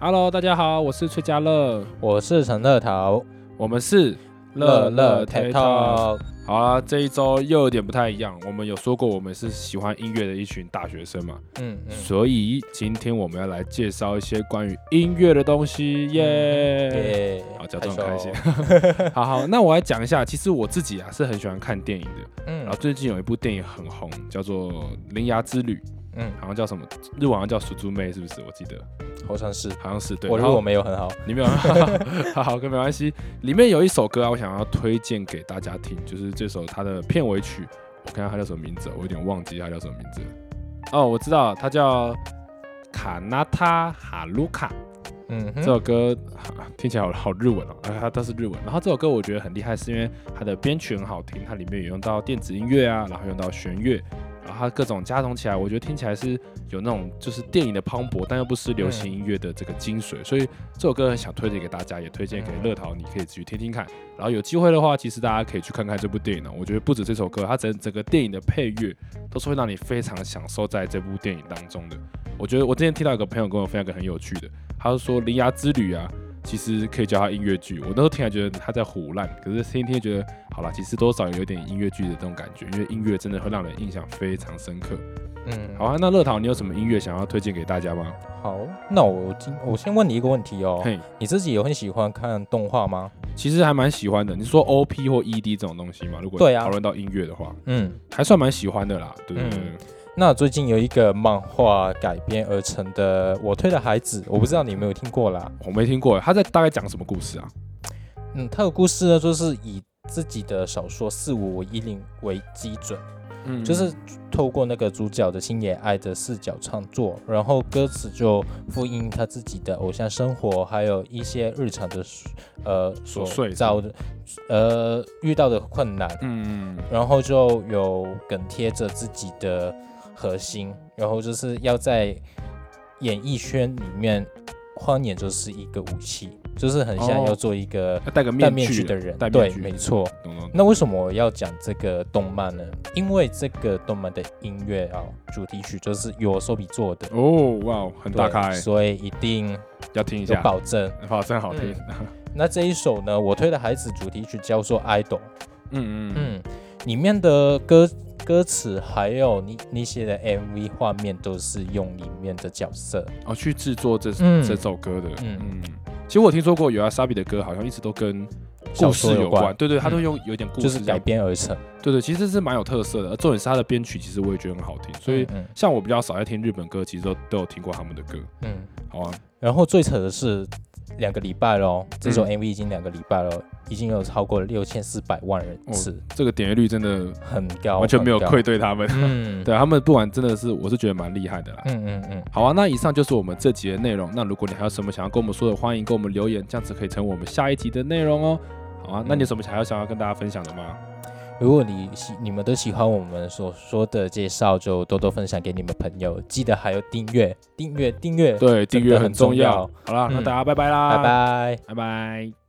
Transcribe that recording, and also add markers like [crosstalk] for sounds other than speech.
Hello，大家好，我是崔家樂，我是陳樂桃，我們是樂樂 Talk。好啊，這一周又有點不太一樣。我們有說過，我們是喜歡音樂的一群大學生嘛？嗯，嗯。所以今天我們要來介紹一些關於音樂的東西、嗯、耶。對好，假裝很開心。羞 [laughs] [laughs] 好好，那我來講一下。其實我自己啊是很喜歡看電影的。嗯。然後、啊、最近有一部電影很紅，叫做《鈴芽之旅》。嗯，好像叫什麼日文，好像叫 “Suzume”，是不是？我記得好像是，好像是。對，我如果沒有很好，你沒有好好跟沒關係。裡面有一首歌、啊，我想要推薦給大家聽，就是這首它的片尾曲。我看看它叫什麼名字，我有點忘記它叫什麼名字了。哦，我知道了，它叫 uka、嗯哼《卡納塔哈盧卡》。嗯，這首歌、啊、聽起來好好日文哦、喔、哎、啊，它都是日文。然後這首歌我覺得很厲害，是因為它的編曲很好聽，它裡面有用到電子音樂啊，然後用到弦樂。它各種加總起來，我覺得聽起來是有那種就是電影的磅礴，但又不失流行音樂的這個精髓。嗯、所以這首歌很想推薦給大家，也推薦給樂淘，你可以去聽聽看。然後有機會的話，其實大家可以去看看這部電影呢。我覺得不止這首歌，它整整個電影的配樂都是會讓你非常享受在這部電影當中的。我覺得我之前聽到一個朋友跟我分享一個很有趣的，他說《鈴芽之旅》啊。其實可以叫它音樂劇。我那時候聽起來覺得他在唬爛，可是聽一聽覺得，好啦，其實多少有點音樂劇的這種感覺，因為音樂真的會讓人印象非常深刻。嗯，好啊，那樂堂你有什麼音樂想要推薦給大家嗎？好，那我今我先問你一個問題哦、喔，嘿你自己有很喜歡看動畫嗎？其實還蠻喜歡的。你是說 O P 或 E D 這種東西嗎？如果討論到音樂的話，啊、嗯，還算蠻喜歡的啦。對。嗯那最近有一個漫畫改編而成的《我推的孩子》，我不知道你有沒有聽過啦？我沒聽過，他在大概講什麼故事啊？嗯，他的故事呢，就是以自己的小說《四五五一零》為基準，嗯、嗯，就是透過那個主角的星野愛的視角創作，然後歌詞就複印他自己的偶像生活，還有一些日常的呃瑣碎遭，的呃遇到的困難，嗯、嗯，然後就有梗貼着自己的。核心，然後就是要在演藝圈裡面，謊言就是一個武器，就是很想要做一個戴、哦、面、面具的人，對沒錯。懂懂，那為什麼我要講這個動漫呢？因為這個動漫的音樂啊、哦，主題曲就是由 YOASOBI 做的哦，哇哦，很大咖，所以一定要聽一下，保證保證好聽、嗯。那這一首呢，我推的孩子主題曲叫做 ID《Idol》。嗯嗯嗯。嗯裡面的歌歌詞還有那那些的 MV 畫面都是用裡面的角色哦、啊、去製作這、嗯、這首歌的。嗯嗯，其實我聽說過，有阿莎比的歌好像一直都跟故事有關，有關對，對對，嗯、他都用有點故事就是改編而成。對，對對，其實是蠻有特色的，重點是他的編曲，其實我也覺得很好聽。所以像我比較少在聽日本歌，其實都都有聽過他們的歌。嗯，好啊。然後最扯的是。兩個禮拜咯，這種 MV 已經兩個禮拜咯，嗯、已經有超過六千四百萬人次，哦、這個點閱率真的很高，完全沒有愧對他們。嗯， [laughs] 對、啊、他們不管真的是，我是覺得蠻厲害的啦。嗯嗯嗯，嗯嗯，好啊，那以上就是我們這集的內容。那如果你還有什麼想要跟我們說的，歡迎跟我們留言，這樣子可以成為我們下一集的內容哦。好啊，那你有什麼還要、嗯、想要跟大家分享的嗎？如果你喜你們都喜歡我們所說的介紹，就多多分享給你們朋友。記得還有訂閱，訂閱，訂閱，訂閱，對，訂閱很重要。好啦，嗯，那大家拜拜啦，拜拜，拜拜。拜拜。